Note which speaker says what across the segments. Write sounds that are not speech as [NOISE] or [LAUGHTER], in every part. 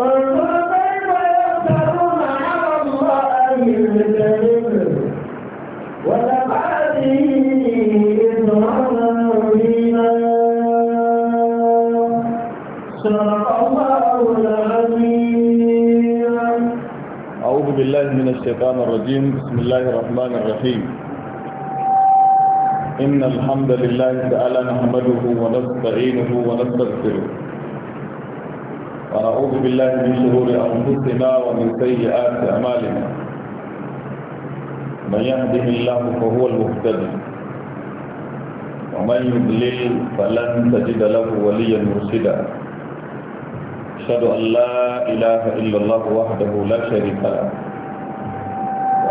Speaker 1: الله الله
Speaker 2: أعوذ بالله من الشيطان الرجيم بسم الله الرحمن الرحيم إن الحمد لله تعالى نحمده ونستعينه ونستغفره ونعوذ بالله من شرور أنفسنا ومن سيئات أعمالنا من يهده الله فهو المهتدي ومن يضلل فلن تجد له وليا مرشدا أشهد أن لا إله إلا الله وحده لا شريك له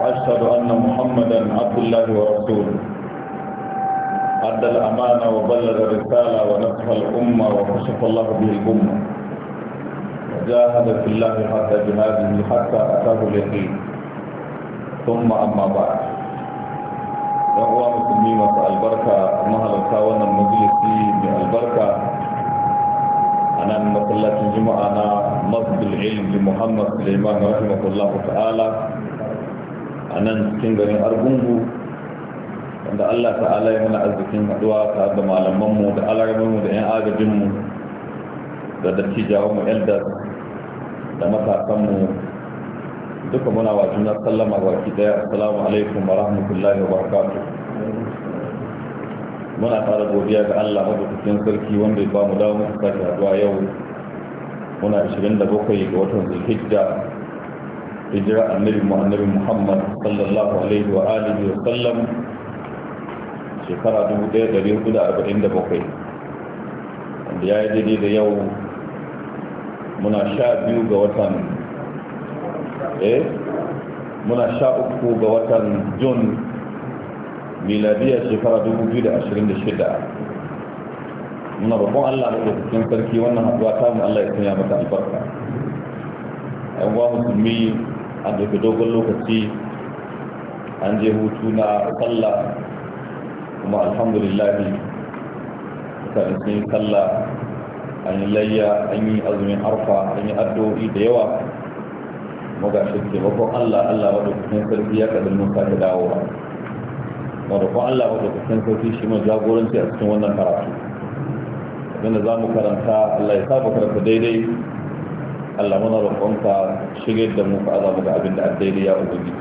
Speaker 2: وأشهد أن محمدا عبد الله ورسوله أدى الأمانة وبلغ الرسالة ونصح الأمة وكشف الله به الأمة جاهد في الله حتى جهاده حتى أتاه اليقين ثم أما بعد yawuwa musulmi masu albarka mahalarta wannan majalisi mai albarka a nan masallacin juma'a na masjidul ilm muhammad suleiman na a nan cikin garin argungu wanda allah ta'ala ya mana arzikin haduwa ta da malamanmu da yan agajinmu da dattijawan mu elders da matasanmu duka muna wa juna sallama baki daya assalamu alaikum wa rahmatullahi wa barakatu muna fara godiya ga Allah madaukakin sarki wanda ya ba mu dawo muka sake haduwa yau muna 27 ga watan zulhijja hijira annabi mu annabi Muhammad sallallahu alaihi wa alihi wa sallam shekara 1447 wanda ya yi daidai da yau muna sha biyu ga watan eh muna sha uku ga watan jun miladiyar shekara 2026 muna babban Allah da ɗaukakin sarki wannan haɗuwa ta mu Allah ya sanya mata albarka ɗan uwa musulmi an ɗauki dogon lokaci an je hutu na sallah kuma alhamdulillah mutane sun yi sallah an yi layya an yi azumin arfa an yi addu'o'i da yawa muga shi taimakon allah allah wadda kusan sarki ya kadar mun sake dawowa wadda kuma allah wadda kusan sarki shi mai jagoranci a cikin wannan karatu abinda za mu karanta allah ya saba karanta daidai allah muna roƙonka shigar da mu ka azamu ga abin da an daidai ya ubangiji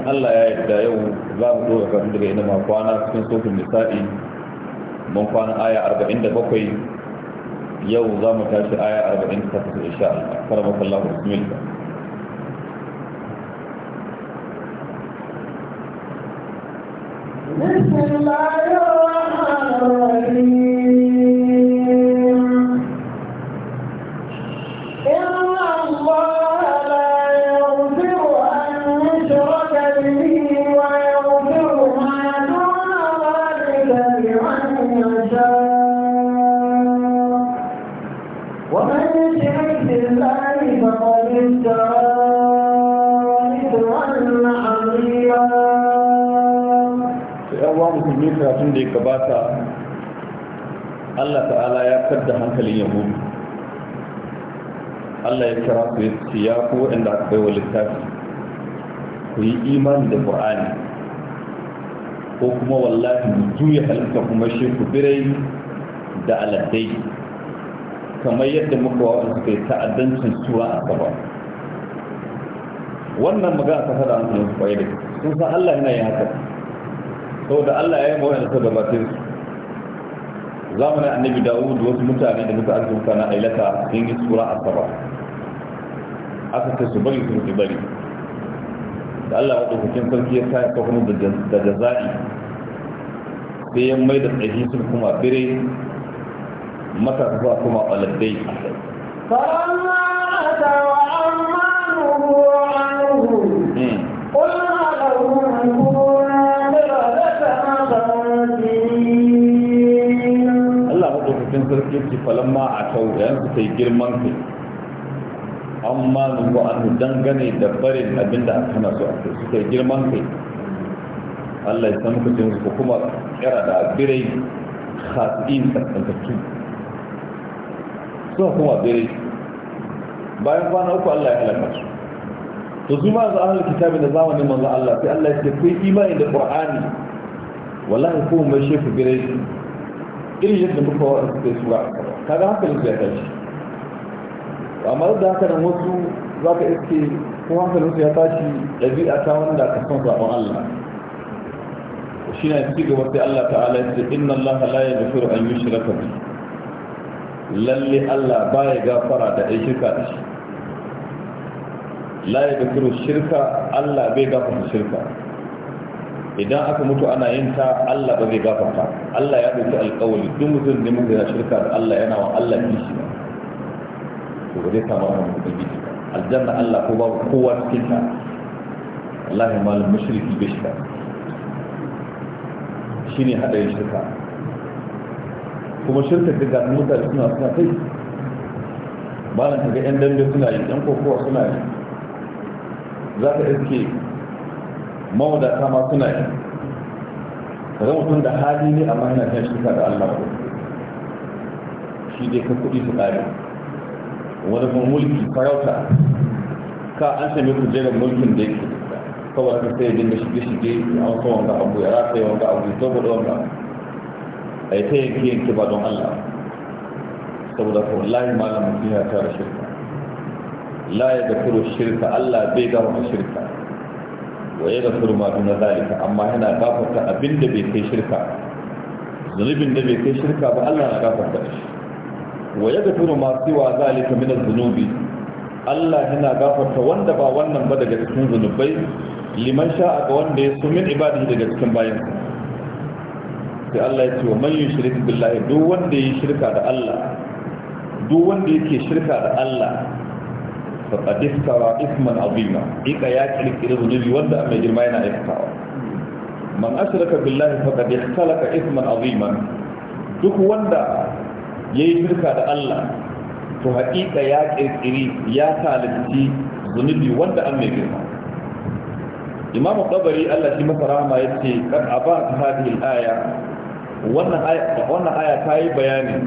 Speaker 2: in allah ya yarda yau za mu ɗora kafin daga ina ma kwana cikin sofin nisa'i من كان آية 40 بقي يوم ذا متاشي آية 40 تفت إن شاء بك الله بسم الله
Speaker 1: بسم الله الرحمن الرحيم
Speaker 2: abin da ya gabata Allah ta'ala ya kadda hankalin yahudu Allah ya kira su ya ce ya ku waɗanda aka bai wa littafi ku yi imani da Qur'ani ko kuma wallahi mu juya halitta kuma shi ku birai da aladai kamar yadda muka wa suka yi ta'addancin suwa a gaba wannan magana ta fara an sun kwaye da sun san Allah yana yi haka saboda Allah ya yi mawayar da gabatin zamanin annabi dawud wasu mutane da muka arzikin na ailata sun yi tsura a saba aka ce su bari su rufe bari da Allah ya ɗaukakin sarki ya kayan kwakwani da jaza'i sai ya mai da tsaji sun kuma bire matasa kuma ƙwaladdai a kai. sarki yake falamma a tau da yanzu kai girman kai amma nuhu an dangane da barin abinda aka hana su a kai suka yi girman kai Allah ya san muku jin ku kuma kira da birai khasin kaskantattu suka kuma birai bayan kwana uku Allah ya halaka su to su ma za ahlul kitabi da zamanin manzo Allah sai Allah ya ce ku imani da Qur'ani wallahi ku mai shefu birai irin yadda muka wa suke suwa a ga kaga hankalin ya tashi amma da haka nan wasu za ka iske ko hankalin su ya tashi ɗabi'a ta wanda ka son zaɓen Allah shi na fi gaba sai Allah ta'ala ya ce inna Allah la yaghfiru an yushraka bihi lalle Allah baya gafara da ai shirka da shi la yaghfiru shirka Allah bai gafara shirka idan aka mutu ana yin ta Allah ba zai gafarta Allah ya dauki alƙawari duk mutum da mutum yana shirka da Allah yana wa Allah kishi ba to ba zai samu wannan mutum kishi ba aljanna Allah ko babu kowa cikin ta wallahi malam mushriki bai shiga shine hadarin shirka kuma shirka da gasu mutane suna suna kai ba na ga yan dambe suna yi yan kokowa suna yi za ka iske mawadata ma suna yi kaga mutum da hali ne amma yana kan shirka da Allah ko shi dai ka kuɗi su ƙare wani kuma mulki farauta ka an sami kujerar mulkin da yake kawai ka sai dinga shige-shige a wasu wanga abu ya rasa yi wanga abu ya saboda wanga a yi ta yanki yanki ba don Allah saboda ko layi malam mutum ya tara shirka Layi da kuro shirka Allah bai gama shirka wa ya gafuru ma duna zalika amma yana gafarta abin da bai kai shirka zunubin da bai kai shirka ba Allah na gafarta shi wa ya gafuru ma siwa zalika min az-zunubi Allah yana gafarta wanda ba wannan ba daga cikin zunubai liman sha'a ga wanda ya sumin ibadin daga cikin bayansa sai Allah ya ce wa man yushrik billahi duk wanda ya shirka da Allah duk wanda yake shirka da Allah فقد افترى اثما عظيما ايكا ya ƙirƙiri zunubi wanda mai girma yana aikatawa man ashraka billahi faqad ikhtalaka isman aziman duk wanda ya yi shirka da Allah to haƙiƙa ya ƙirƙiri, ya talibci zunubi wanda an mai girma imam qabari Allah shi masa rahama yace kad aba a ba aya wannan aya wannan aya ta yi bayani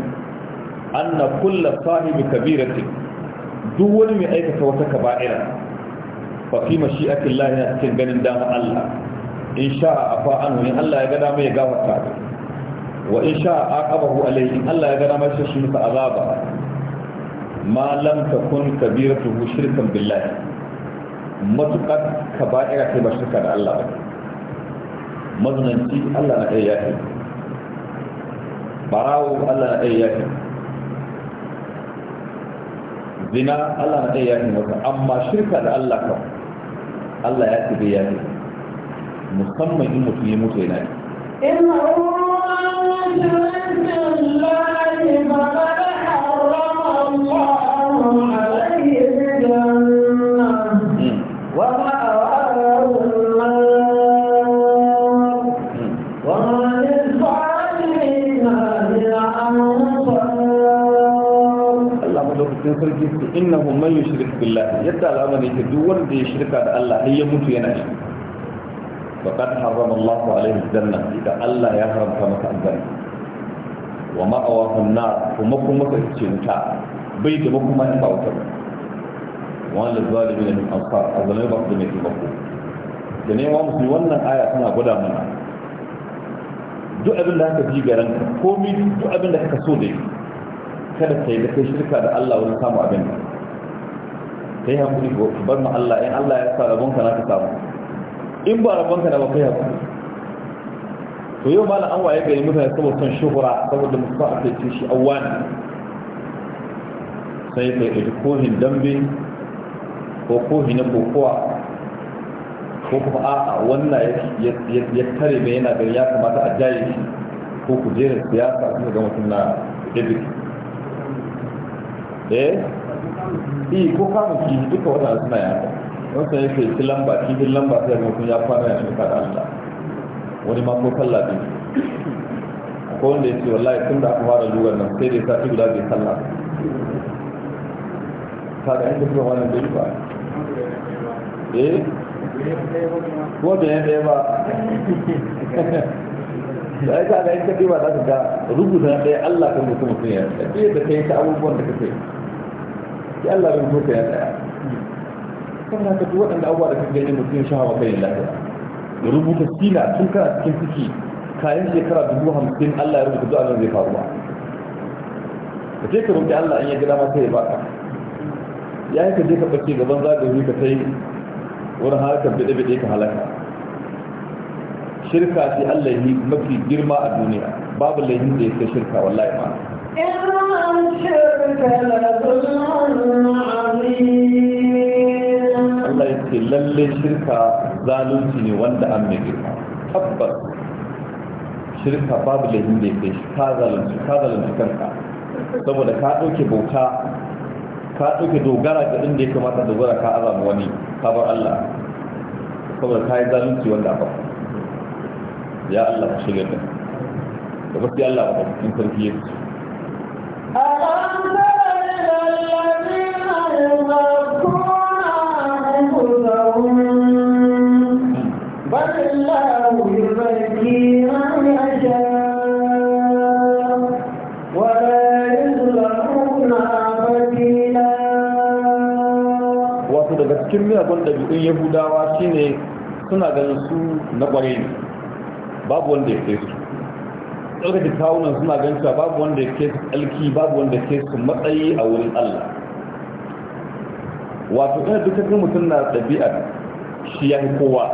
Speaker 2: anna kullu sahibi kabiratin duk wani mai aikata wata kaba'ira fa fi mashi'atin lahi na cikin ganin dama Allah in sha'a afa an wani Allah ya gada mai gafarta wa in sha'a aqabahu alayhi Allah ya gada mai shi masa azaba ma lam takun kabiratuhu shirkan billahi matukar kaba'ira sai ba shirka da Allah ba mazunanci Allah na ɗaya ya yake barawo Allah na ɗaya ya yake zina Allah na ɗaya yafi maka amma shirka da Allah kan Allah ya fi ya fi musamman in mutum ya mutu yana
Speaker 1: in Allah ya fi Allah ya fi
Speaker 2: billah yadda al'amari yake duk wanda ya shirka da Allah har ya mutu yana shi faqad harrama Allahu alaihi janna da Allah ya haramta masa aljanna wa ma'awahu an-nar kuma kuma ka ce ta bai da kuma in ba wata ba wal zalimin min anfar azalai ba da mai mako da ne wa musulmi wannan aya tana gwada mana duk abin da aka ji garanka komai duk abin da kaka so da yi kada ka da kai shirka da Allah wani samu abin da kai hakuri bar mu Allah in Allah ya sa rabonka na ka samu in ba rabonka na ba kai hakuri to yau malam an waye gari mutane saboda son shuhura saboda musa a kai shi awwani sai kai ɗauki kohin dambe ko kohi na kokowa ko kuma a'a wannan ya tare mai yana gari ya kamata a jaye shi ko kujerar siyasa su ga mutum na ɗabi eh eh ko kama kifi duka wata suna ya ta wanda ya kai ci lamba kifin lamba sai ga kun ya fara ya shirka da Allah wani ma ko sallah ne ko wanda ya ce wallahi tun da aka fara lura nan sai dai sati guda bai sallah ka ga inda kuma wannan bai ba eh ko da ya ɗaya ba da [LAUGHS] ya ka ga inda ba za ka ga rubuta ɗaya Allah kan mutum mutum ya ɗaya da kai ta abubuwan da ka kake sai Allah bai ka ya tsaya kuma ka duk waɗanda abubuwa da kake ganin mutum shahawa kai lafiya ya rubuta sila tun kana cikin ciki kayan shekara dubu hamsin Allah ya rubuta zuwa nan zai faruwa ka ce ka rubuta Allah in ya gida sai ya baka ya yi ka je ka ɓace gaban zagaye ka sai wani harkar bide-bide ka halaka shirka ce Allah yi mafi girma a duniya babu lahin da ya kai shirka wallahi ma
Speaker 1: Allah ya
Speaker 2: ce lalle shirka zalunci ne wanda an mai girma tabbas shirka babu laifin da ya kai shi ka zalunci ka zalunci kanka saboda ka ɗauke bauta ka ɗauke dogara ga inda ya kamata dogara ka azama wani ka bar Allah saboda ka yi zalunci wanda a bakwai ya Allah ka shigar da ka gaskiya Allah ba in sarki ya ce cikin miyagun ɗabi'un yahudawa ne suna ganin su na ƙware ne babu wanda ya ke su tsarkake kawunan suna ganin cewa babu wanda ya ke su alki babu wanda ya ke su matsayi a wurin allah wato ɗaya kan mutum na ɗabi'ar shi ya fi kowa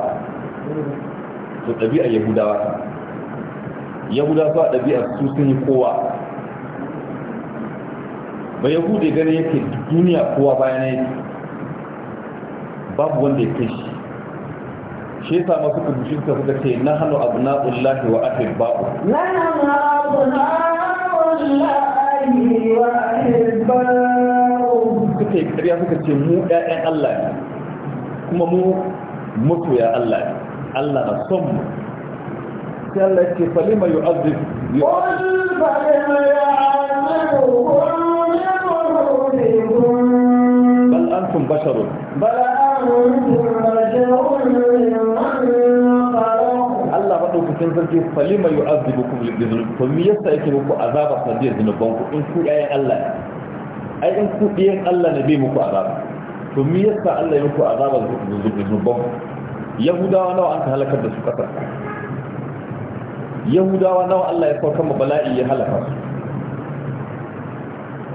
Speaker 2: su ɗabi'ar yahudawa ta yahudawa a ɗabi'ar su sun yi kowa ba yahudi gani yake duniya kowa bayan yake babu wanda ya kai shi shi yasa masu kudushin ka suka ce na hannu abu na ullahi wa ahir babu
Speaker 1: na hannu abu na ullahi wa ahir
Speaker 2: babu suka yi karya suka ce mu ƴaƴan Allah ne kuma mu masoya Allah ne Allah na son mu sai Allah ya ce falima yu'azzib
Speaker 1: yu'azzib falima yu'azzib bal antum basharun bal Allah
Speaker 2: maɗaukakin sarki falima yi kuma zunubi to mi yake muku azaba zunuban ku in ku ɗayan Allah ai in ku ɗayan Allah bai muku azaba to mi Allah muku azaba zunuban ku yahudawa nawa an ka halakar da su ƙasar yahudawa nawa Allah ya sauka ma bala'i ya halaka su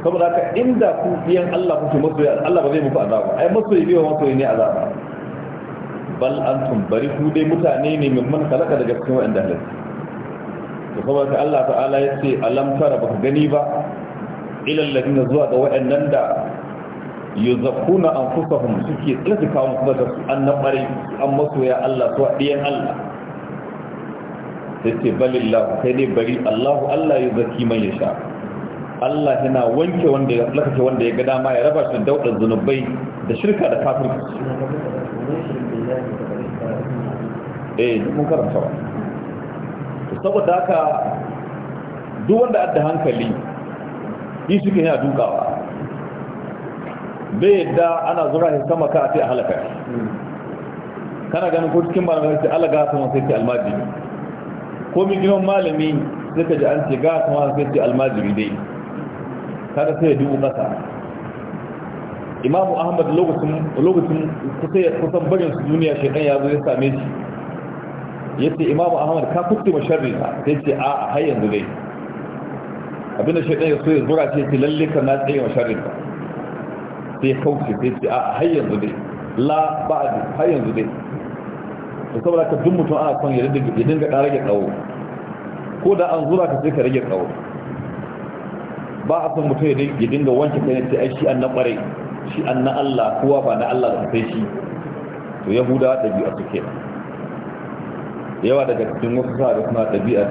Speaker 2: saboda haka inda ku biyan Allah kuke masoyi Allah ba zai muku azaba ai masoyi bai masoyi ne azaba bal antum bari ku dai mutane ne min man kalaka daga cikin wanda halitta to saboda haka Allah ta'ala ya ce alam tara baka gani ba ilal ladina zuwa ga waɗannan da yuzakkuna anfusahum suke tsaka kawo musu da su annabare an masoya Allah to biyan Allah sai ce balillahu kai ne bari Allahu Allah ya zaki man ya yasha Allah yana wanke wanda ya lakace wanda ya ga dama ya raba shi da daudar zunubai da shirka da kafirci eh mun karanta ba to saboda haka duk wanda adda hankali yi suke yana dukawa bai yadda ana zura shi sama ka a ce a halaka kana ganin ko cikin malamai sai Allah ga sama sai ce almajiri ko mi gidan malami ka ji an ce ga sama sai ce almajiri dai kada sai ya dubu masa imamu ahmad lokacin kusan barin su duniya shaidan ya zo ya same shi ya ce imamu ahmad ka kutti ma sharri na sai ce a a har yanzu dai abinda shaidan ya so ya zura ce ce lalle ka na tsaye ma sharri ka sai ya kauce sai ce a a har yanzu dai la ba a har yanzu dai da saboda ka duk mutum ana son ya dinga ƙara rage tsawo ko da an zura ka sai ka rage tsawo ba a san mutum ya dinga wanke kai ta ai shi annan kwarai shi annan Allah kowa ba na Allah da sai shi to yahuda dabi'a suke yawa daga cikin wasu sa da suna ɗabi'a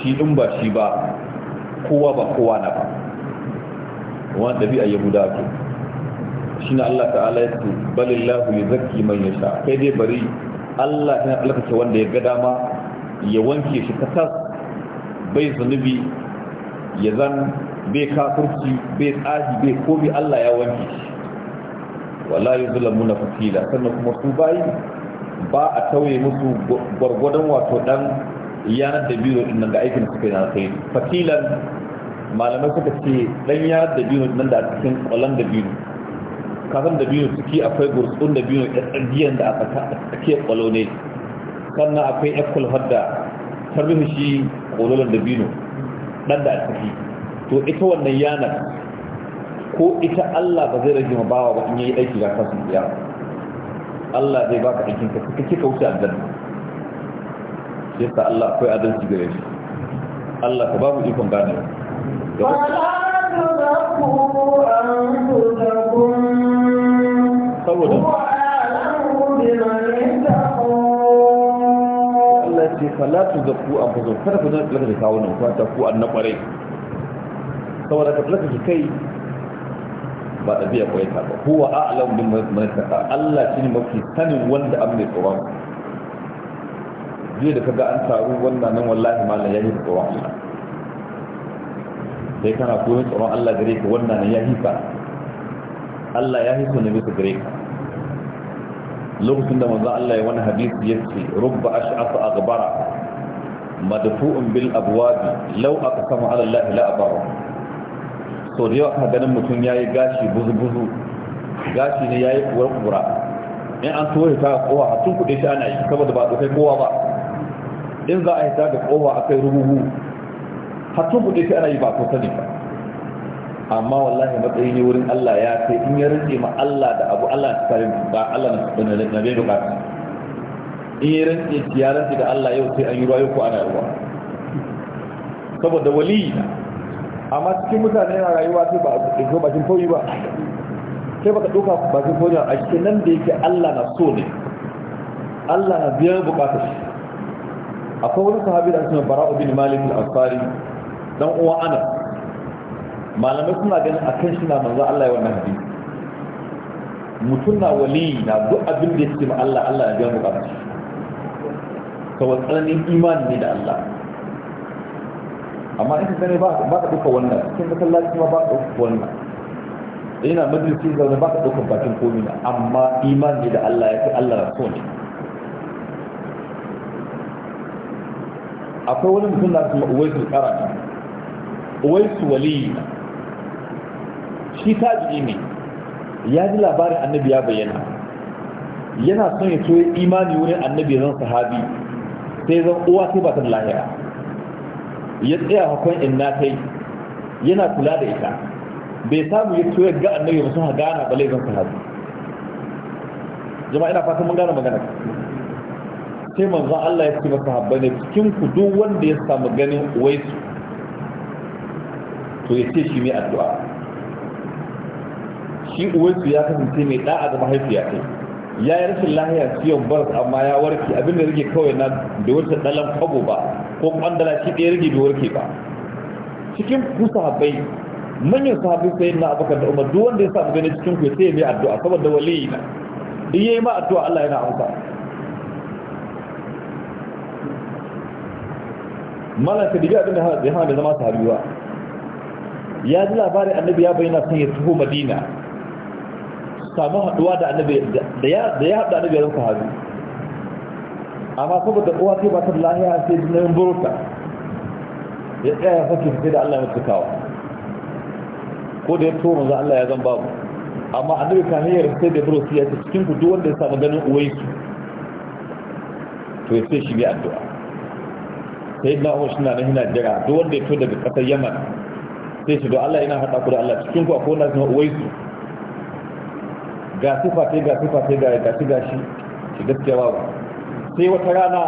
Speaker 2: shi din ba shi ba kowa ba kowa na ba wani ɗabi'a yahuda ke shi na Allah ta'ala ya ce balillahu yuzakki man yasha kai dai bari Allah halaka ce wanda ya ga dama ya wanke shi ta bai zunubi ya zan bai kafirci bai tsahi bai komi Allah ya wanke shi zulamu na Fasila. sannan kuma su bayi ba a tauye musu gwargwadon wato dan yanar da biyu nan da aikin suka yi na kai Fasilan malamai suka ce dan yanar da biyu nan da cikin kwalan da biyu kafin da biyu suke akwai gurtsun da biyu da tsagiyar da aka take kwalo ne sannan akwai ekul hadda tarbihin shi kwalolan da biyu dan da a ciki to ita wannan yanar ko ita Allah ba zai rage ma bawa ba in yi aiki ga kasu biya Allah zai baka aikin ka kake kika wuce aljanna shi yasa Allah akwai adalci gare shi Allah ka babu ikon gane saboda Allah ce fala tu zaku an fuzo kada ku zaka da kawo nan ku ta ku an na kwarai saboda ka tsaka kai ba a biya kwaita ba huwa a'lam bin manataka Allah shine mafi sanin wanda an mai tsoron jiya da kaga an taru wannan nan wallahi malam yayi tsoron Allah sai kana koyon tsoron Allah gare ka wannan nan yayi ka Allah ya hiso ne bisa gare ka lokacin da manzo Allah ya wani hadisi ya yace rubba ash'asa aghbara madfu'un bil abwab law aqsama ala Allah la abara sau da yawa aka ganin mutum ya yi gashi buzu-buzu gashi ne ya yi kuwar kura in an so ta kowa a tun kuɗe shi ana yi saboda ba a kowa ba in za a yi hita da kowa a kai rububu har tun kuɗe shi ana yi ba ko sani ba amma wallahi matsayi ne wurin Allah ya sai in ya rinke ma Allah da abu Allah na tsarin ba Allah na na bai bukata in ya rinke ya rinke da Allah yau sai an yi ruwa yau ko ana ruwa saboda waliyi amma cikin mutane na rayuwa sai ba a ɗauka bakin fauyi ba sai baka ɗauka bakin fauyi a cikin nan da yake Allah na so ne Allah na biyan bukatar shi akwai wani sahabi da suna bara'u bin malik al-ansari dan uwa ana malamai suna ganin kan shi na manzo Allah ya wannan hadisi mutum na wali na duk abin da yake ma Allah Allah ya biyan bukatar shi kawai tsananin imani ne da Allah amma in kaga ne ba ka duka wannan cikin masallaci kuma ba ka duka wannan ina majalisi zaune ba ka duka bakin komi na amma imani da Allah ya fi Allah na so ne akwai wani mutum na su uwaisu karata uwaisu wali shi tabi'i ne ya ji labarin annabi ya bayyana yana son ya so imani wurin annabi zan sahabi sai zan uwa sai ba ta lahira ya tsaya in na kai yana kula da ita bai samu ya tuya ga annabi musu ha gana ba laifin sahabi jama'a ina fatan mun gane magana sai manzon Allah ya ce masa habba ne cikin ku duk wanda ya samu ganin wai to ya ce shi mai addu'a shi uwaisu ya kasance mai da'a ga mahaifiya kai ya yi rashin lahiya siyan bars amma ya warke abin da rage kawai na da wata dalan kwabo ba ko kwandala shi ɗaya rage da warke ba cikin ku sahabbai manyan sahabbai sai na abokan da umar duk wanda ya samu gani cikin ku sai ya mai addu'a saboda waliyi na ya yi ma addu'a Allah yana amsa malam ka diga abin da ya hana da zama su ba ya ji labarin annabi ya bayyana sun ya tuho madina samu haduwa da annabi da da ya da ya hada da garin sahabi amma saboda uwa ce ba ta lahiya sai jinin buruta ya tsaya sake sai da Allah ya tsakawa ko da ya to manzo Allah ya zan babu amma annabi kan yi sai da buruta ya ce cikin ku duk wanda ya samu ganin uwai su to sai shi bi addu'a sai na shi na nan yana jira duk wanda ya to daga kasar Yaman sai shi do Allah yana hada ku da Allah cikin ku akwai wanda ya samu uwai su ga sifa sai ga sifa sai ga gashi gashi shi gaskiya babu sai wata rana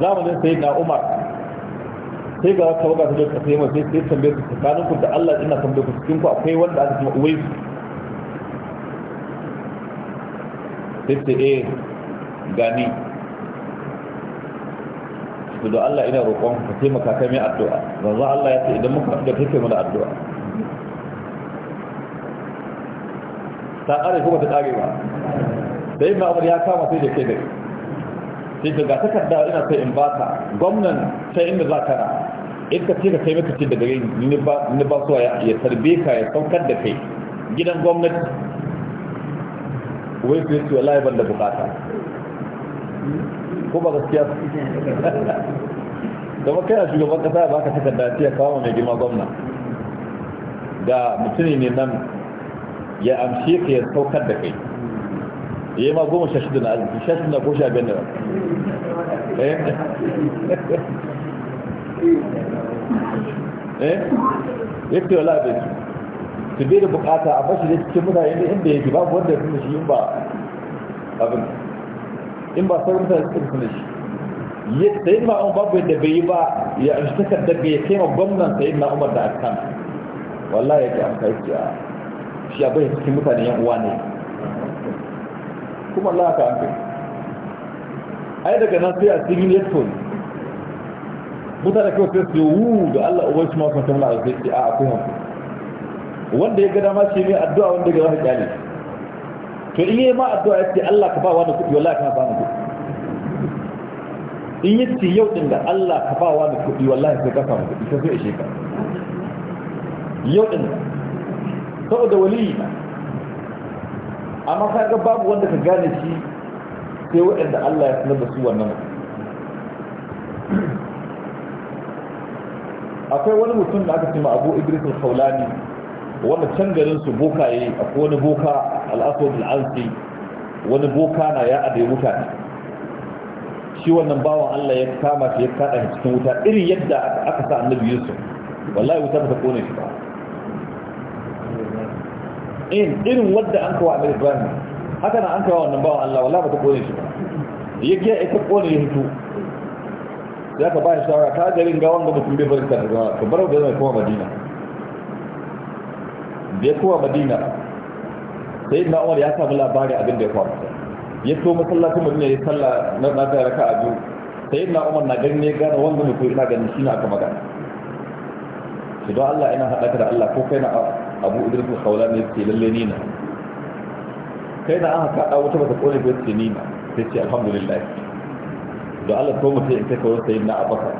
Speaker 2: zamanin sai na umar sai ga wata waga ta jota sai mai sai tambaye su tsakanin ku da allah ina tambaye ku cikin ku akwai wanda aka kuma uwai su sai sai eh gani su da allah ina roƙon ka taimaka kai mai addu'a zanzu allah ya ce idan muka da take mana addu'a ta ƙare kuma ta ƙare ba da yin ma'amur ya kama sai da ke da sai da ga takarda ina sai in ba ta gwamnan sai inda za ka na in ka ce ka kai maka ce da gare ni ba suwa ya tarbe ka ya saukar da kai gidan gwamnati wai su yace wallahi ban da bukata ko ba gaskiya da ba kai a shugaban kasa ba ka takarda ce ya kawo mai girma gwamna da mutum ne nan ya amshe ka ya saukar da kai ya ma goma sha shida na arziki sha shida ko sha biyar da eh? eh ya ce wala bai su bai da bukata a bashi da cikin mutane da inda ya yake babu wanda ya fi mashi in ba abin in ba sauran mutane suka fi mashi ya ta yi umar babu yadda bai yi ba ya amshi takardar ya kai ma gwamnan sayi na umar da aka kama wallahi ya ke amsa yake a shi bai cikin mutane yan uwa ne kuma Allah ka amfi ai daga nan sai a cikin headphone mutane kawai sai su yi ga Allah uban shi masu mutum la'a sai a akwai hanku wanda ya gada ma shi ne addu'a wanda ya gada kyale to in yi ma addu'a ya ce Allah ka ba wani kuɗi wallahi ka ba ni in yi ce yau din da Allah ka ba wani kuɗi wallahi sai ka samu kuɗi sai sai ishe ka yau ɗin saboda waliyi na amma ka ga babu wanda ka gane shi sai waɗanda Allah ya sanar da su wannan akwai wani mutum da aka cima abu idris al-haulani wanda can garin su boka yayi akwai wani boka al-aswad ansi wani boka na ya adaye mutane shi wannan bawan Allah ya kama shi ya kada cikin wuta irin yadda aka sa annabi Yusuf wallahi wuta ba ta kone shi ba in irin wadda an kawo amir ibrahim haka na an kawo wannan bawan allah wala ba ta kone shi ba ya gina ita kone ya hito ya ka bayan shawara ta garin gawan ga mutum bai barin karfi zama ka barau da zai kuma madina da ya kuma madina sai na umar ya samu labari abin da ya faru ya to masallacin madina ya salla na ta raka a biyu sai na umar na ganin ne gane wanda mutum ina ganin shi na aka magana shi don allah ina haɗa da allah ko kai na abu idris al-khawla ne yake lalle ni na kai da aka kada wata bata kone ba yake ni na sai ce alhamdulillah da Allah ko mutai in kai kawai sai na abaka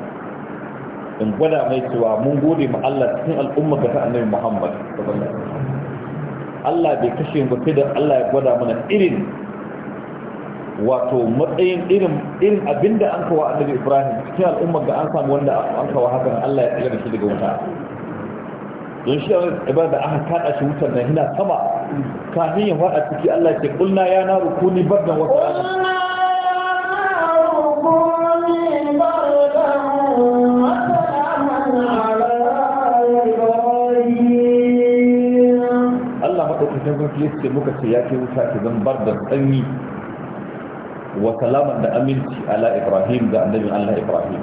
Speaker 2: in gwada mai cewa mun gode ma Allah cikin al'umma ga ta annabi Muhammad sallallahu alaihi wasallam Allah bai kashe mu sai da Allah ya gwada mana irin wato matsayin irin irin abinda an kawo annabi Ibrahim cikin al'umma ga an samu wanda an kawo hakan Allah ya tsira da shi daga wuta don shi a ba da aka kada shi wutar na hina sama kafin ya fada ciki Allah ke kulna ya na rukuni bardan wata rana Allah maɗaukacin sarki ya ce muka ce ya ke wuta ke zan bar da tsanyi wa kalaman da aminci ala Ibrahim da annabin Allah Ibrahim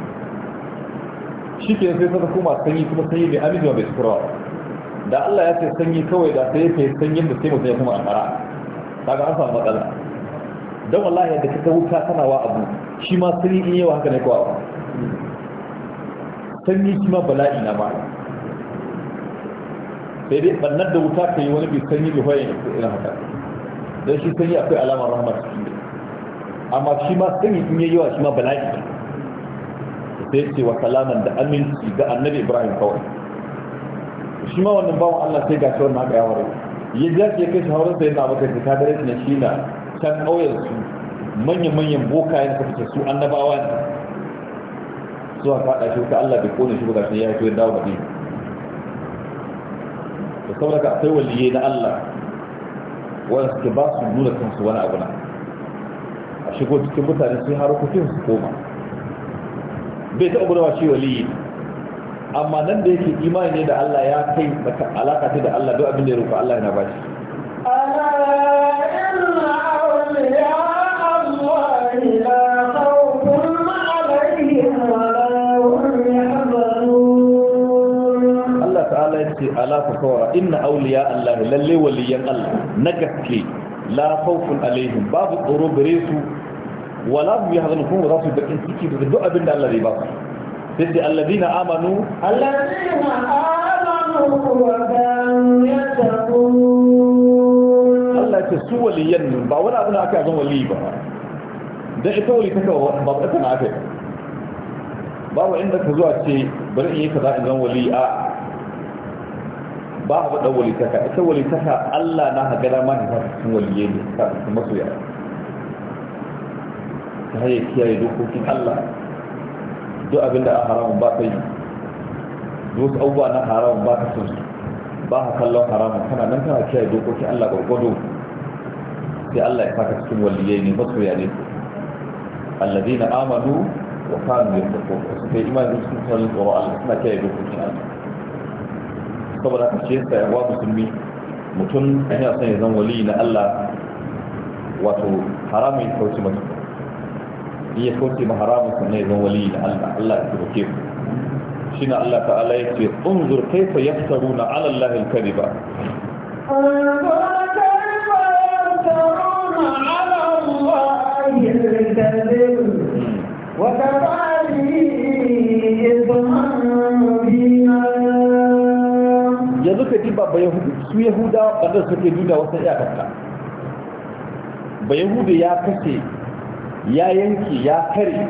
Speaker 2: shi ke sai suka koma sanyi kuma sanyi mai aminci ba bai sukura da Allah ya ce sanyi kawai da sai yake sanyin da sai mutum ya kuma amara kaga an samu matsala don wallahi da kika wuta kana wa abu shi ma sanyi in yawa haka ne kuwa sanyi shi ma bala'i na ma sai dai bannar da wuta ka yi wani bi sanyi bi hoyin ina haka don shi sanyi akwai alamar rahama cikin amma shi ma sanyi in yayi yawa shi ma bala'i sai ce wa salaman da aminci ga annabi ibrahim kawai shi ma wannan bawan Allah sai ga shi wannan aka yawar ya ja ya kai shawarar sai na baka ta dare shi na shi na can ƙauyen su manyan manyan bokayen ka fice su annabawa ne Su a faɗa shi ta Allah bai kone shi ba shi ya fito dawo madina to saboda ka akwai waliyai na Allah wanda suke ba su nuna kansu wani abu na a shigo cikin mutane sun haro harokokin su koma bai taɓa gudawa shi waliyi amma nan da yake imani ne da Allah ya kai alaka ce da Allah duk abin da ya roƙa Allah yana ba shi Allah ta'ala ya ce ala ku kawara inna auliya Allah lalle waliyan Allah na gaske la khawfun alaihim babu tsoro gare su wala bi yahzankum rasu da kin ciki da duk abin da Allah zai ba su sai da allazina amanu allazina
Speaker 1: amanu wa kanu yattaqun
Speaker 2: Allah ya su waliyan ba wani abu na aka zan wali ba dan ita wali take ba ba tana aka babu inda ka zuwa ce bari in yi kaza in zan wali a ba haɓa dan wali taka ita wali taka Allah na haga ma mani ta cikin waliye ne ta fi masoya ta haye kiyaye dokokin Allah duk abin da a haramun ba ta yi duk abubuwa na haramun ba ta sun ba ka kallon haramun kana nan kana kiyaye dokoki Allah gwargwado sai Allah ya saka cikin waliyai ne masoya ne alladina Amadu wa kanu yattaqun su kai imanin sun san tsoro Allah suna kiyaye dokokin Allah saboda ka ce sai wa musulmi mutum yana son ya zan wali na Allah wato haramun ya kauce mata ya kauce ma haramun sannan ya zama wali na Allah Allah ya taimake ku shine Allah ta'ala yace unzur kayfa yaftaruna 'ala Allah al-kadhiba
Speaker 1: unzur kayfa yaftaruna 'ala Allah al-kadhib wa
Speaker 2: yanzu ka ji babba yahudu su yahuda wanda suke nuna wata iyakarta ba yahudu ya kashe ya yanki ya kare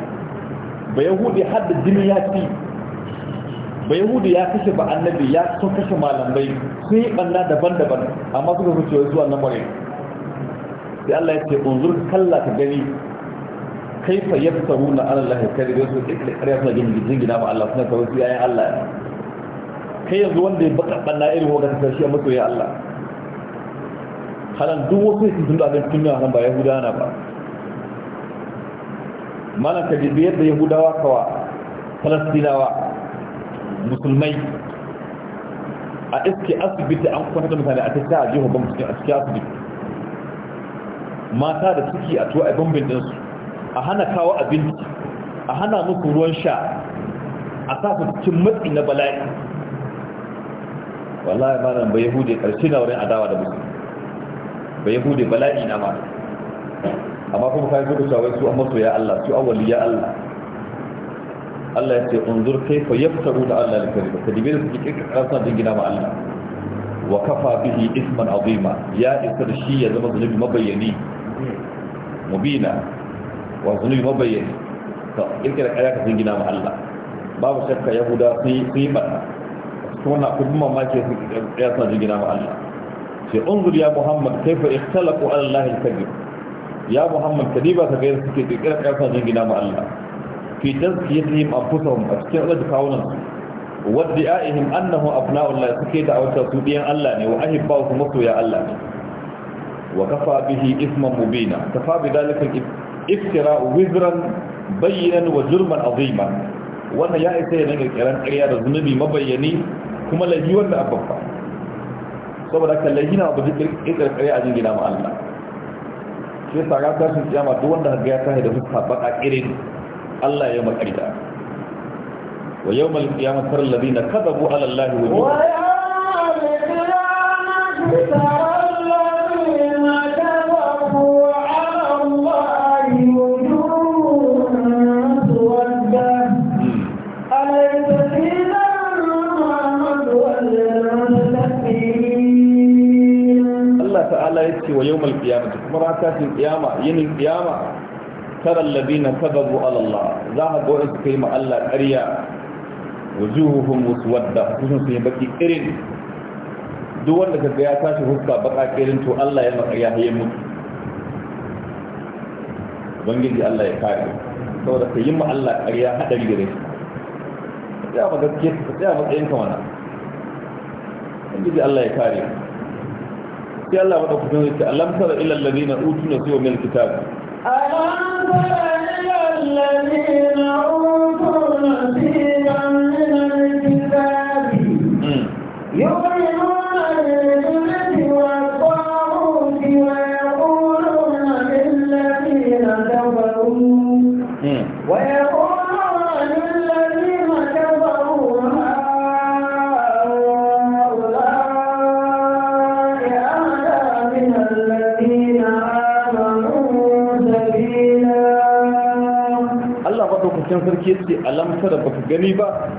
Speaker 2: ba yahudi har da jini ya ci ba yahudi ya kashe ba annabi ya so kashe malamai sun yi ɓanna daban-daban amma suka wuce zuwa na mare sai Allah ya ce unzur kalla ka gani kaifa yaftaru na Allah ya kare da su ƙarya suna gina ba Allah suna kawai su yayin Allah kai yanzu wanda ya baka ɓanna irin wanda ta tashi a masoyin Allah halan duk wasu sun da abin tunya gudana ba yahudana ba malam ka jibi yadda yahudawa kawa falastinawa musulmai a iske asibiti an kwanta mutane a tattara a jihar a cikin asibiti mata da ciki a tuwa a bambam ɗinsu a hana kawo abinci a hana musu ruwan sha a sa su cikin matsi na bala'i wallahi malam bai yahude karshe na wurin adawa da musulmi bai yahude bala'i na mata amma kuma kayan suka cewa su amma an ya Allah su an ya Allah Allah ya ce unzur kaifa yaftaru da Allah al-karim ka dibe su cikin kasan dingina ma Allah wa kafa bihi isman azima ya isar shi ya zama zunubi mabayyani mubina wa zunubi mabayyani to kirkira kaya ka dingina ma Allah babu shakka yahuda sun yi bata cikin wannan akwai mamaki su kirkira kaya sa dingina ma Allah sai unzur ya muhammad kaifa ikhtalafu ala Allah al-karim ya muhammad kadiba ta gaira suke kirkirar ƙarfa jingina ma Allah fi tazkiyatihim anfusahum a cikin Allah da kawunan wadda ya'ihim annahu abna'ullah suke da awata su biyan Allah ne wa ahibbahu kuma ya Allah ne wa kafa bihi isman mubina kafa bi dalika iftira wizran bayyanan wa jurman aziman wannan ya isa ya dinga kiran ƙarya da zunubi mabayyani kuma lahi wanda abba saboda kan lahi na abu zikir ƙirƙir ƙarya a jingina ma Allah shi yasa ga tashin kiyama duk wanda ga ya tahi da su baka irin Allah ya makarita wa yau yawmal qiyamati taral kada kadabu ala allahi wa yawmal
Speaker 1: qiyamati taral
Speaker 2: yanayin kiyama kuma rata ce kiyama yanayin kiyama na sababu alallah za a gori su kai ma'alla ƙarya wa juhuhun musu wadda kusan su baki irin duk wanda ka ga ya tashi huska baka irin to allah ya maƙarya ya mutu ubangiji allah ya kare saboda ka yi ma'alla ƙarya haɗari da rashi ya maga ka tsaya matsayin ka mana ubangiji allah ya kare sai Allah wanda kuma zai ce alam tara ila alladhina utu nasiba min alkitab
Speaker 1: alam tara ila alladhina utu
Speaker 2: sarki ce alam da baka gani ba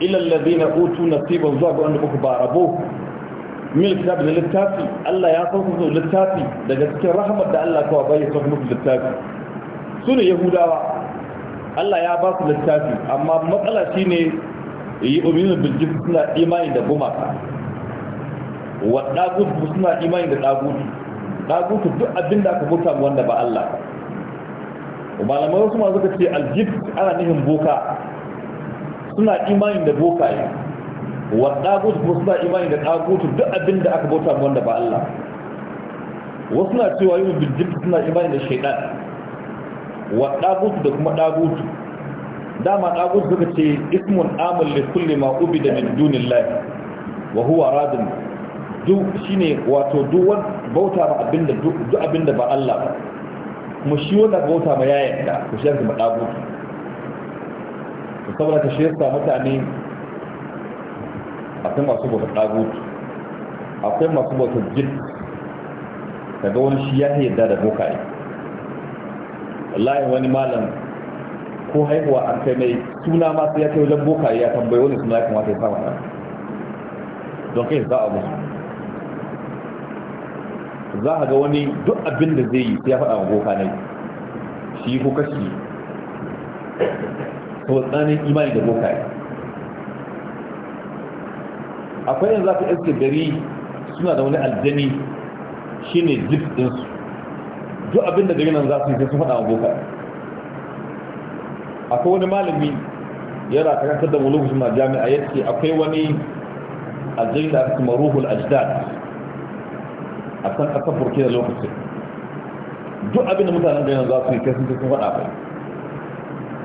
Speaker 2: ilal ladina utu nasiban zuwa ga wanda kuka ba rabo mil kitab da littafi Allah ya sauka zuwa littafi daga cikin rahmat da Allah kawai bai sauka musu littafi su ne yahudawa Allah ya ba su littafi amma matsala shine yi uminu biljif suna imani da gumaka wa dagutu suna imani da dagutu dagutu duk abinda aka mutu wanda ba Allah ba malamai wasu masu suka ce aljif ana nufin boka suna imanin da boka yi wa ɗagutu kuma suna imanin da ɗagutu duk abin da aka bauta wanda ba Allah wasu na cewa yi mabin biljif suna imanin da shaidan wa ɗagutu da kuma ɗagutu dama ɗagutu suka ce ismun amul li kulli ma ubida min dunillahi wa huwa radin duk shine wato duk bauta ba abinda duk ba Allah ba mu shi wanda bauta ma ya yarda ku shi yanzu maɗago ku saboda ka shirya mutane akwai masu bauta ɗago akwai masu bauta jin daga wani shi ya yadda da boka wallahi wani malam ko haihuwa an kai mai suna masu ya kai wajen boka ya tambayi wani suna ya kamata ya sa mata don kai za a musu za a ga wani duk abin da zai yi ya faɗa wa boka ne shi ko kashi ko tsanin imani da boka ne akwai yanzu aka iske gari suna da wani aljani shi ne jif ɗinsu duk abin da gari nan za su yi sun faɗa wa boka akwai wani malami yana karantar da wani lokacin na jami'a yake akwai wani aljani da aka kuma ruhul ajdad a san a ƙasar da lokacin duk mutanen da mutanen za su yi kai sun sun faɗa bai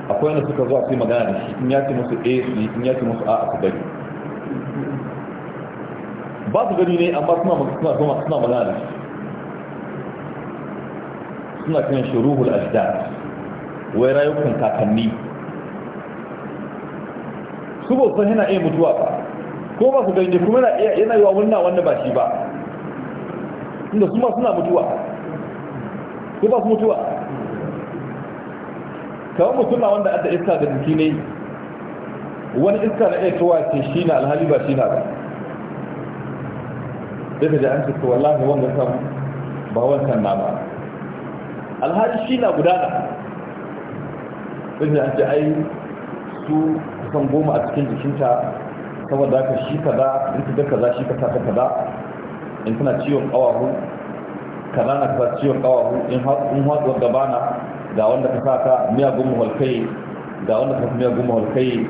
Speaker 2: akwai wanda suka zuwa su yi magana da shi in ya ce musu a su yi in ya ce musu a a su gani ba su gani ne amma suna magana da shi suna kan shi ruhul ajdad wai rayukan kakanni su ba san yana iya mutuwa ba ko ba su gani kuma yana yana yi wa wannan wanda ba shi ba inda su ma suna mutuwa ko ba su mutuwa kawai mutum na wanda adda iska da jiki ne wani iska na iya kawa ce shi na alhali ba shi na ba Daga da an an cikin wallahi wanda kan ba wancan na ba alhali shi na gudana sai ka ji an ce ai su kusan goma a cikin jikinta saboda ka shi kaza cikin ka kaza shi ka sa kaza in kana ciwon kawahu kaza na ka ciwon kawahu in hatsuwar gabana ga wanda ka sa miya miyagun mahalkai ga wanda ka miyagun mahalkai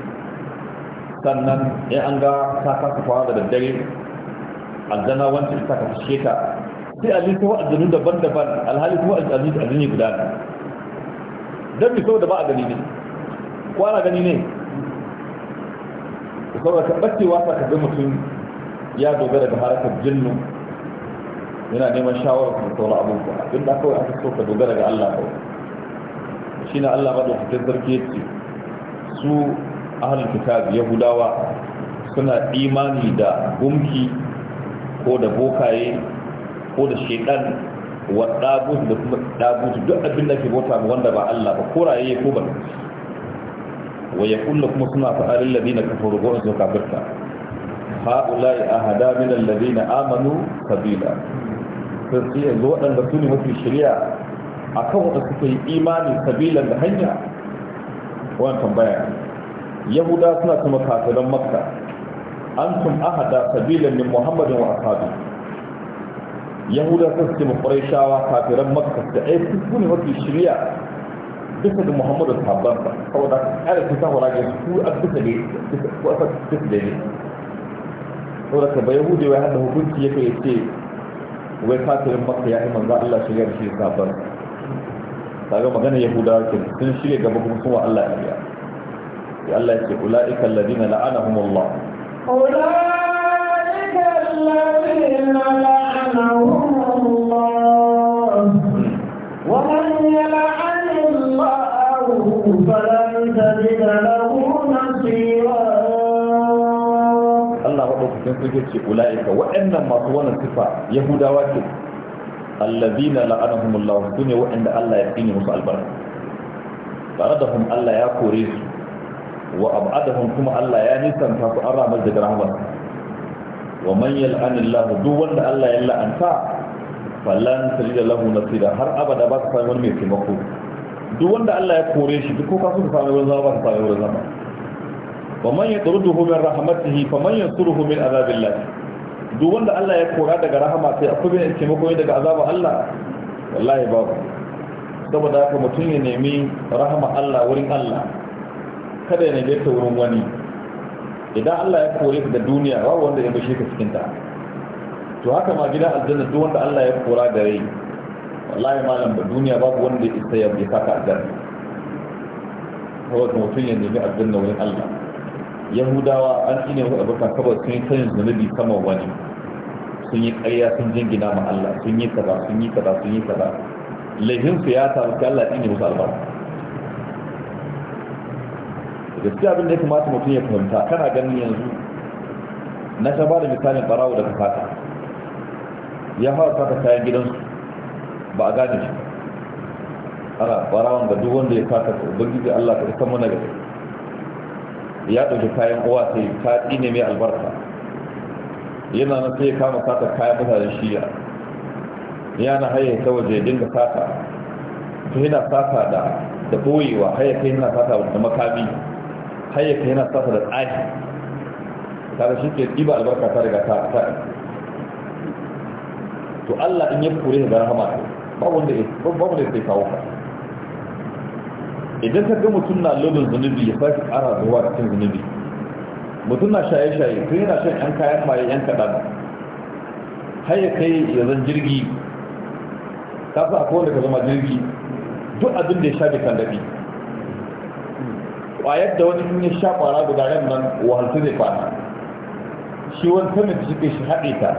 Speaker 2: sannan in an ga ta kasa kwana da daddare aljana wancan ta ka fashe ta sai a jinta wa aljanu daban-daban alhali kuma aljanu da aljanu guda ne don mi da ba a gani ne kwana gani ne saboda ka ɓacewa wasa ka ga mutum ya dogara da harakar jinnu yana neman shawarar su sauran abubuwa abin da kawai aka so ka dogara ga Allah kawai shi na Allah madaukakin sarki ce su ahalin kitab yahudawa suna imani da gumki ko da bokaye ko da shekan wa ɗabus da kuma ɗabus duk abin da ke ba wanda ba Allah ba koraye ko ba wa ya kulla kuma suna fa'arin ladina kafaru ko su kafirta ha'ula'i ahada min alladina amanu sabila sun sai yanzu waɗanda su ne mafi shirya a kan wata suka yi imanin sabilan da hanya wani tambaya yahuda suna kuma kafiran makka an tum ahada sabilan ne muhammadin wa ashabi yahuda sun ce mafarai shawa kafiran makka da ai su ne mafi shirya duka da muhammadu sahabban sa saboda kada su ta horage su a duka ne duka ko a duka ne saboda ka bai hudewa hada hukunci yake ya ce wai kafirin makka ya yi manzo Allah shirya da shi kafir kaga magana yahudawa ke sun shirya gaba kuma sun wa Allah ya ya Allah ya ce ulaika alladhina la'anahumullah
Speaker 1: ulaika alladhina la'anahumullah wa man yal'an Allah falan tajid lahu nasira
Speaker 2: madaukakin sarki ce ula'ika waɗannan masu wannan sifa yahudawa ce allazina la'anahumullahu ne waɗanda Allah ya tsine musu albarka tare da hum Allah ya kore su wa ab'adahum kuma Allah ya nisanta su an ramar daga rahmar wa man yal'anillahu duk wanda Allah ya la'anta falan talida lahu nasira har abada ba ka sami wani mai taimako duk wanda Allah ya kore shi duk ko ka suka sami wurin zama ba ka sami wurin zama ومن يطرده من رحمته فمن ينصره من عذاب الله duk wanda Allah ya kora daga rahama sai a akwai bin taimako daga azabar Allah wallahi babu saboda haka mutum ya nemi rahama Allah wurin Allah kada ya nemi ta wurin wani idan Allah ya kore ka da duniya babu wanda ya bashe ka cikin ta to haka ma gidan aljanna duk wanda Allah ya kora gare wallahi malam da duniya babu wanda ya isa ya saka aljanna kawai mutum ya nemi aljanna wurin Allah yahudawa an tsine wa baka kabar sun yi sanin zunubi sama wani sun yi karya sun jingina ma Allah sun yi kaza sun yi kaza sun yi kaza su ya samu sai Allah tsine musu albarka gaskiya abin da ya kamata mutum ya fahimta kana ganin yanzu na ta ba da misalin barawo daga fata ya hawa fata kayan gidansu ba a gane shi ana barawon ga duk wanda ya fata ubangiji Allah ka san mana gaske ya ɗauki kayan uwa sai ka tsine mai albarka yana nan sai kama sata kayan mutanen shiya yana haye ta waje dinga sata ta yana sata da da ɓoyewa haye kai yana sata da makami haye kai yana sata da tsari kada shi ke ɗiba albarka ta daga ta ta to Allah in ya kure da rahama ba wanda ya sai kawo ka idan ka ga mutum na lulun zunubi ya fashi ƙara zuwa cikin zunubi mutum na shaye-shaye tun yana shan 'yan kayan maye 'yan kaɗan har ya kai ya zan jirgi ta sa a kowanne ka zama jirgi duk abin da ya sha bikan kan daɗi ƙwayar da wani ya sha ƙwara guda yan nan wahalsu zai fara shi wani tamin shi ke shi haɗe ta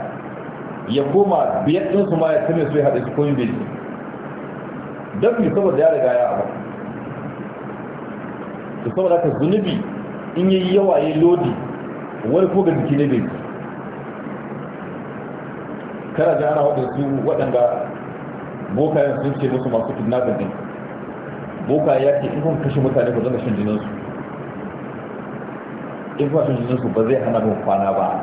Speaker 2: ya koma biyar ɗinsu ma ya tamin su ya haɗe su koyin bai ji don saboda ya riga ya abu da saboda ka zunubi in yi yawa ya lodi wani ko ga jiki ne bai kara da ana waɗanda su waɗanda bokayen sun ce musu masu kidnapping din boka ya ce in kun kashe mutane ku zama shan jininsu in kuma shan jininsu ba zai hana mun kwana ba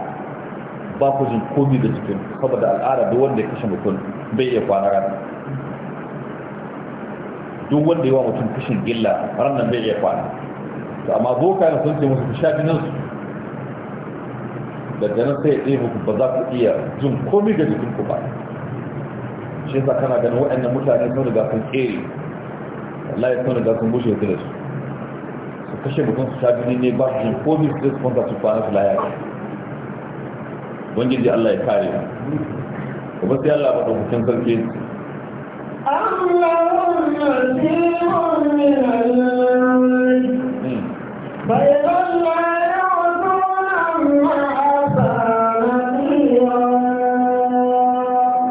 Speaker 2: ba ku jin komi da cikin saboda al'ada duk wanda ya kashe mutum bai iya kwana rana duk wanda ya wa mutum kashin gilla ranar bai iya kwana to amma boka na sun ce musu ku shafi nan su daga nan sai ɗaya muku ba za ku iya jin komi ga jikinku ba shi yasa kana ganin waɗannan mutane sun riga sun tsere wallahi sun riga sun bushe su da su su kashe mutum su shafi ne ba su jin komi su su kwanta su kwana su laya ubangiji Allah ya kare mu kuma sai Allah ba ɗaukakin sarki
Speaker 1: Allah ya ce wa min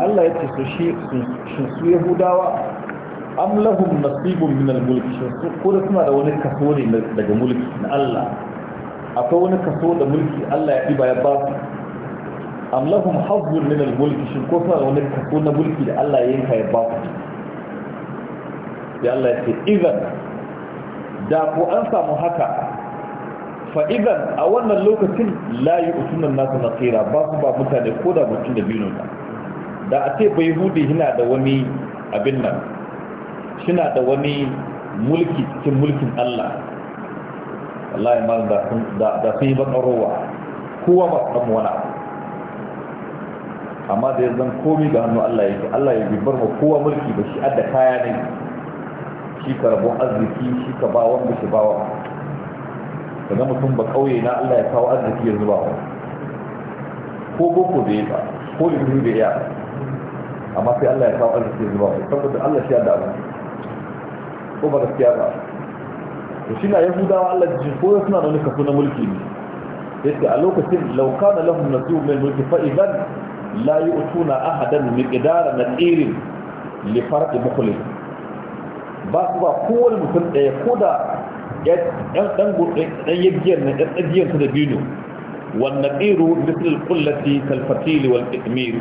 Speaker 1: Allah
Speaker 2: ya ce su shi su Yahudawa am lahum nasibun min al-mulk ko da suna da wani kaso ne daga mulki na Allah akwai wani kaso da mulki Allah ya ɗiba ya ba su am lahum hazzun min al-mulk ko suna da wani kaso na mulki da Allah ya yanka ya ba su ya Allah ya ce idan da ko an samu haka Fa'izan a wannan lokacin layi usunan nasu na tsira ba su ba mutane ko da mutum da biyu ba da a ce bai hudu yana da wani abin nan shina da wani mulki cikin mulkin allah ya ma da su yi bakarowa kowa ba su samu amma da ya zan komi ga hannu allah ya allah ya bibar ma kowa mulki ba shi adda kaya ne shi ka rabon arziki shi ka ba wanda shi ba wanda ka mutum ba kauye na Allah ya kawo arziki yanzu ba ko boko da ya ko ibnu da ya amma sai Allah ya kawo arziki yanzu ba saboda Allah shi ya da ko ba gaskiya ba to shi na yahudawa Allah ji ko suna da wani kaso na mulki ne yake a lokacin laukana na zuwa mai mulki fa idan la yu'tuna ahadan na nadirin li da mukhlis ba su ba kowane mutum ɗaya ko da ɗan yajiyar na ɗajiyar ta da bino wanda ƙiru misal kullati kalfatili wal ikmir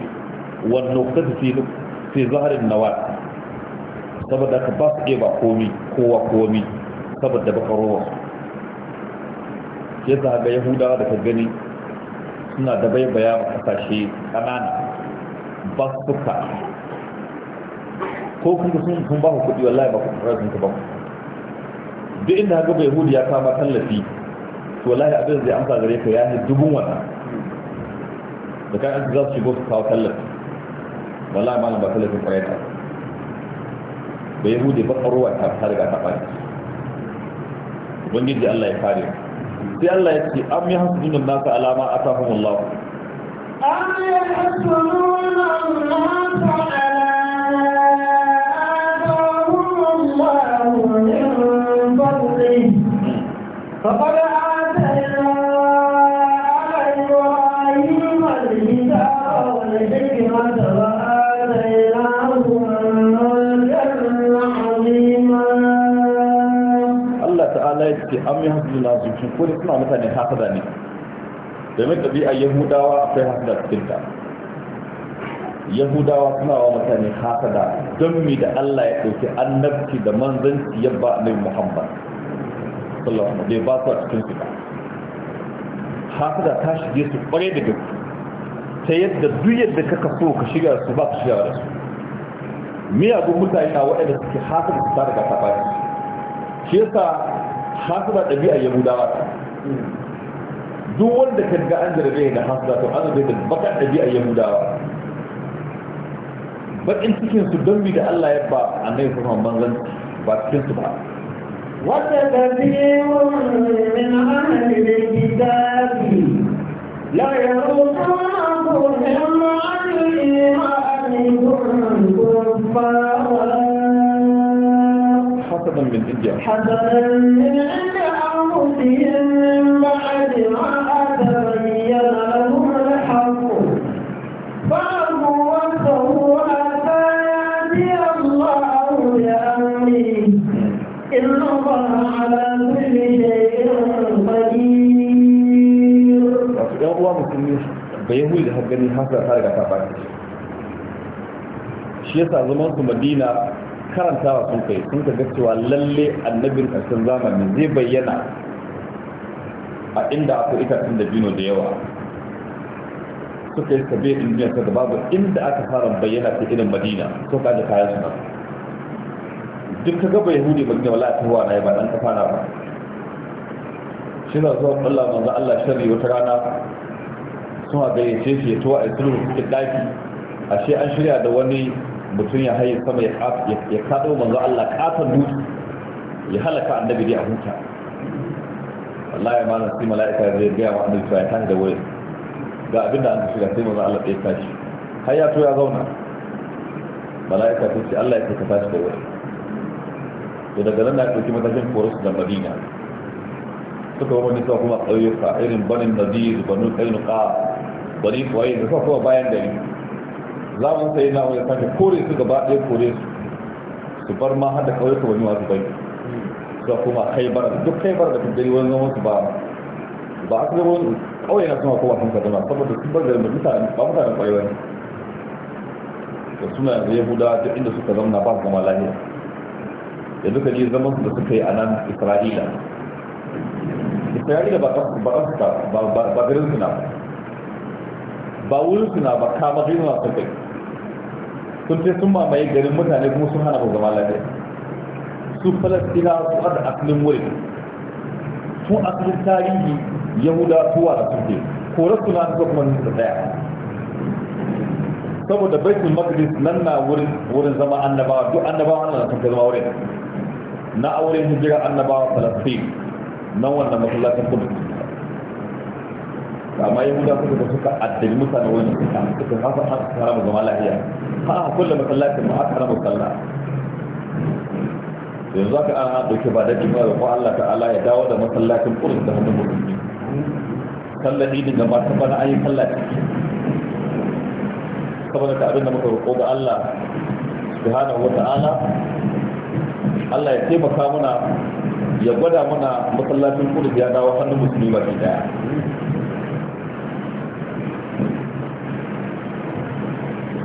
Speaker 2: wanda kusa fi zaharin nawa saboda ka ba su ba komi kowa komi saboda baka rowa ya zaga yahudawa da ka gani suna da baibaya kasashe ƙanana ba su ko kuma sun ba ku kuɗi wallahi ba ku kuɗi ba ku duk inda haka bai hudu ya kama tallafi to lahi abin zai amsa gare ka ya dubun wata da kan an za su shigo su kawo tallafi wallahi ma ba tallafi kwaye ta bai hudu ba tsarowa ta ta riga ta fari ubangiji Allah ya kare sai Allah ya ce an yi am yahsudun nasa alama a An atahumullah
Speaker 1: am yahsudun nasa
Speaker 2: cikin ko da suna mutane hasada ne domin ɗabi'a yahudawa akwai hasada cikin ta yahudawa suna wa mutane hasada don mi da allah ya ɗauki annabci da manzanci ya ba annabi muhammad sallallahu alaihi wasallam ba su a cikin su ba hasada ta shige su kware da gaske ta yadda duk yadda kaka so ka shiga su ba ka shiga da su miyagun mutane na waɗanda suke hasada su ta daga ta shi yasa da ɗabi'a yahudawa duk wanda ka ga an jarabe da hasada to an zai da baka ɗabi'a yahudawa bakin cikin su don bi da Allah ya ba annabi sallallahu alaihi manzan ba cikin su ba
Speaker 1: وكثير من أهل الكتاب لا يرضاكم عن الإيمان كفارا حسنا من عند حسنا من بعد ما تبين لهم الحق فأبوا حتى يأتي الله إن الله على كل شيء قدير.
Speaker 2: يا الله shi yasa zaman su madina wa sun kai sun ga cewa lalle annabin karshen zamani, zai bayyana a inda akwai itacen da bino da yawa suka yi sabi injiniyar ta babu inda aka fara bayyana ta irin madina ko ka da kayan suna duk ka gaba yahudi madina wala ta huwa na yi ba dan ka fara ba shi na zuwa allah manzo allah shari wata rana suna gayyace shi ya tuwa a sulhu cikin daki, ashe an shirya da wani mutum ya haye sama ya kaɗo manzo Allah katon dutse ya halaka annabi da a huta wallahi ma sai mala'ika zai gaya wa annabi ya tashi da wuri ga abin da an shiga sai manzo Allah ya tashi Haya to ya zauna mala'ika ta ce Allah ya ce ka tashi da wuri to daga nan na ɗauki matakin koros da madina suka wani nisa kuma ƙauyuka irin banin nadir banu ƙainuka bani kuwaye da kuma bayan gari zamanin sai na wani sake kore su gaba ɗaya kore su su bar ma har da kawai su wani masu bai su kuma khaibar duk kai khaibar da kaddari wani zaman su ba ba a kuma wani kawai na suna kowa sun kaduna saboda sun bar garin mutane ba mutane kwaye wani da suna yanzu yahuda duk inda suka zama ba su zama lahiya da duka ne zaman su da suka yi a nan isra'ila isra'ila ba garin su na ba ba wurin suna ba kama girma su kai sun ce sun mamaye garin mutane kuma sun hana mu lafiya su falastina su hada asalin wuri su asalin tarihi yahuda suwa da suke kore su na zuwa kuma nuna daya saboda baitul maqdis nan na wurin zama annabawa duk annabawa nan sun zama wurin na auren hijira annabawa falastin nan wannan masallacin kudus amma yahuda suka da suka addini mutane wani suka suka hasa har su fara mu zama lafiya ha a kulle masallacin ma aka rabu sallah yanzu aka ana dauke ba da jima da ko Allah ta'ala ya dawo da masallacin kullum da hannun musulmi sallan ni da ta bana an yi sallah ciki saboda ka abin da muka roƙo ga Allah subhanahu wa Allah ya taimaka muna ya gwada mana masallacin kudu ya dawo hannun musulmi ba ke daya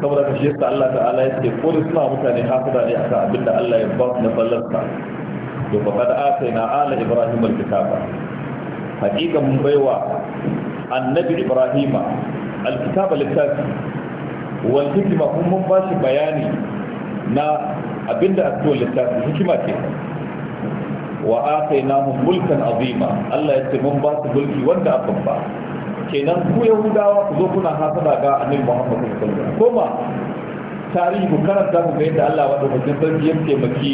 Speaker 2: saboda ka shi yasa Allah ta'ala ya ce ko suna mutane hafiza ne akan abin da Allah ya ba su na sallarsa to fa kada na ala ibrahim alkitaba hakika mun baiwa annabi ibrahima alkitaba littafi wal hikma kuma mun ba shi bayani na abinda a cikin littafi hikima ke. wa namun mulkan azima Allah ya ce mun ba su mulki wanda aka ba kenan ku yahudawa ku zo kuna hasada ga annabi muhammad sallallahu alaihi wasallam kuma tarihi ku karanta ku ga yadda Allah wa dukkan sarki yake maki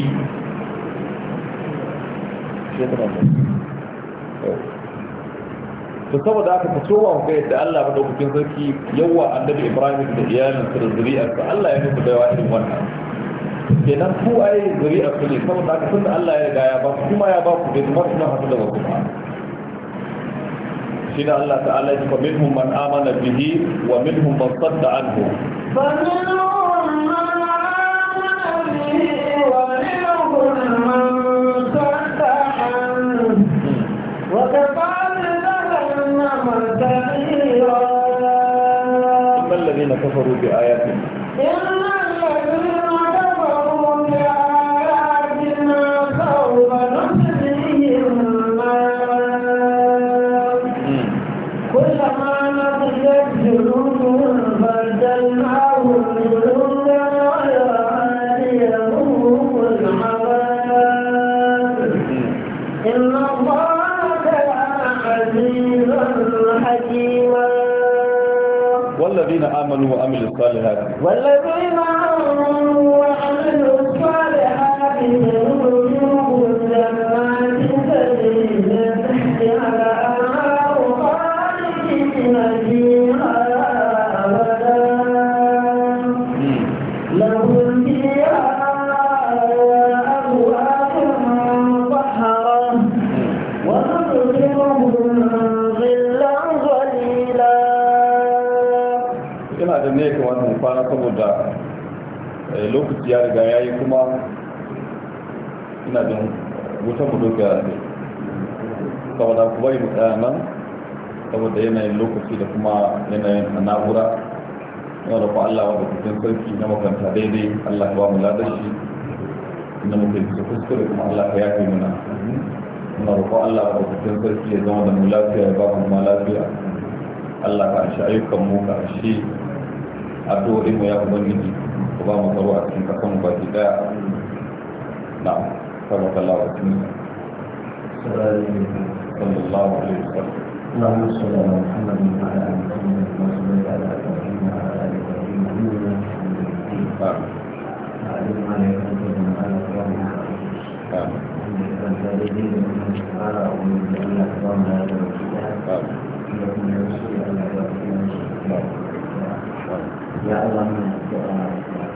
Speaker 2: to saboda aka fito wa ga yadda Allah wa dukkan sarki yawa annabi ibrahim da iyalin sa da zuriyarsa Allah ya musu da irin wannan kenan ku ai zuri'a ku ne saboda aka tunda Allah ya riga ya ba kuma ya ba ku bai kuma suna hasu da wasu شنا الله تعالى فمنهم من آمن به ومنهم من صد عنه فمنهم من آمن به
Speaker 1: ومنهم من صد عنه وكفى جهنم سعيرا
Speaker 2: الذين كفروا بآيات أمثال هذا والله ina jin wutan mu a ne saboda ku bari mu tsaya nan saboda yanayin lokaci da kuma yanayin na'ura yana da ku Allah wa da cikin sarki na makanta daidai Allah ya ba mu ladashi inda muke da kuskure kuma Allah ya yafe muna da roƙo Allah wa da cikin sarki ya zama da mu lafiya ya ba mu ma lafiya Allah ka shi ayyukan mu ka shi addu'o'in mu ya ubangiji ku ba mu tsaro a cikin kasan baki daya na'am صدق الله صلى
Speaker 3: الله عليه وسلم اللهم صل على محمد وعلى محمد وسلم على ابراهيم وعلى ال ابراهيم انك حميد وسلم وعلم عليك انت من على ربنا انك انت الذين من تعالى ومن يا الله من الدعاء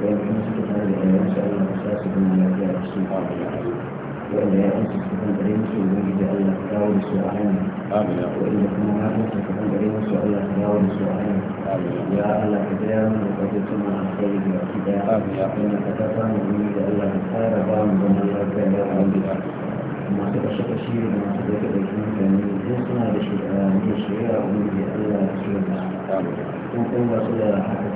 Speaker 3: ويمكن استخدام الأيام سأل المساس بن ملاكية السلطان وإلا يأتي استخدام بريمس ويجد أن يتداول سؤالين وإلا كما ما كنت استخدام بريمس وأن يتداول سؤالين يا ألا كدام وقد يتم عن خير واعتداء إنك تفهم ويجد أن يتخير بان بما لا كدام عندك ما تبشر تشير ما تبشر تشير كان يجلسنا لشيء شيء ويجد أن لا تشير كان قوة إلى حتى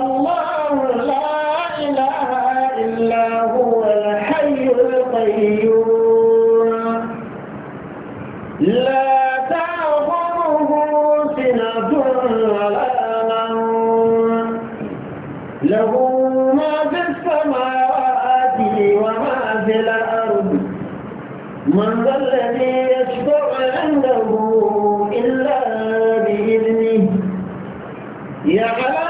Speaker 1: الله لا إله إلا هو الحي القيوم لا تأخذه سنة ولا نوم له ما في السماوات وما في الأرض من الذي يشفع إلا بإذنه